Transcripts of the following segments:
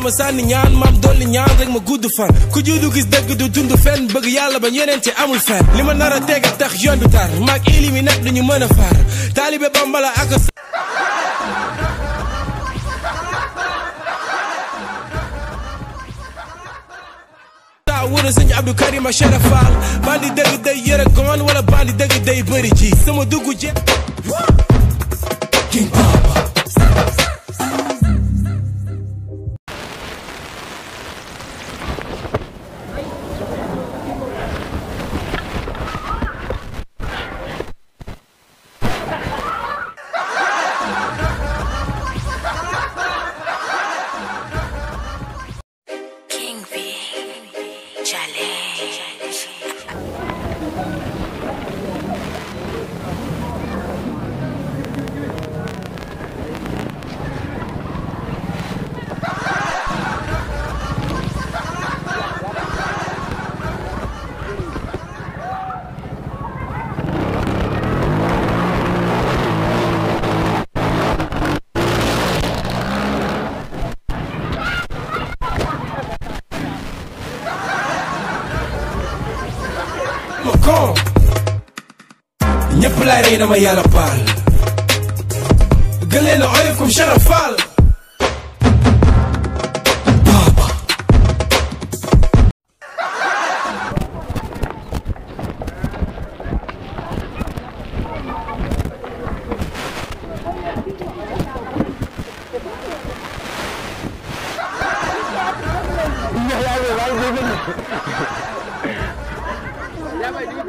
ma sànni ñaan maam dolli ñaan rek ma gudd fan ku juudu gis dëgg du dund fenn bëgg yàlla ba yeneen ci amul fenn li ma nar a teg a tax yoon du tar maag ili mi nag duñu mën a faar taalibe bambala ak wala sëñ Abdou Karim a Chérif Fall bandi dëgg day yëre goon wala bandi dëgg day bëri ji sama dugg je Chale. ko ñëpp laay rey dama yàlla baal gëlee la oyof comme Sharafal Yeah, yeah, yeah, yeah, yeah.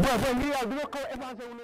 boo xam ne lii daal dina xaw a effacé wu